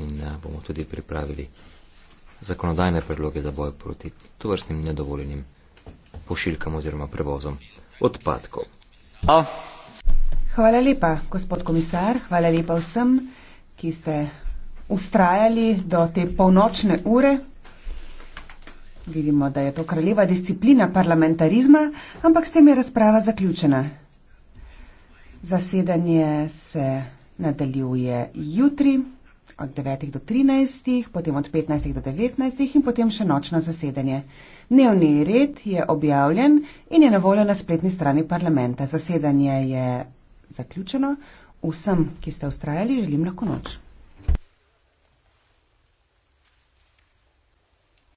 in eh, bomo tudi pripravili zakonodajne predloge za boj proti tovrstnim nedovoljenim pošiljkam oziroma prevozom odpadkov. A. Hvala lepa, gospod komisar, hvala lepa vsem, ki ste ustrajali do te polnočne ure. Vidimo, da je to kraljeva disciplina parlamentarizma, ampak s tem je razprava zaključena. Zasedanje se nadaljuje jutri od 9 do 13, potem od 15 do 19 in potem še nočno zasedanje. Dnevni red je objavljen in je na voljo na spletni strani parlamenta. Zasedanje je zaključeno. Vsem, ki ste ustrajali, želim lahko noč.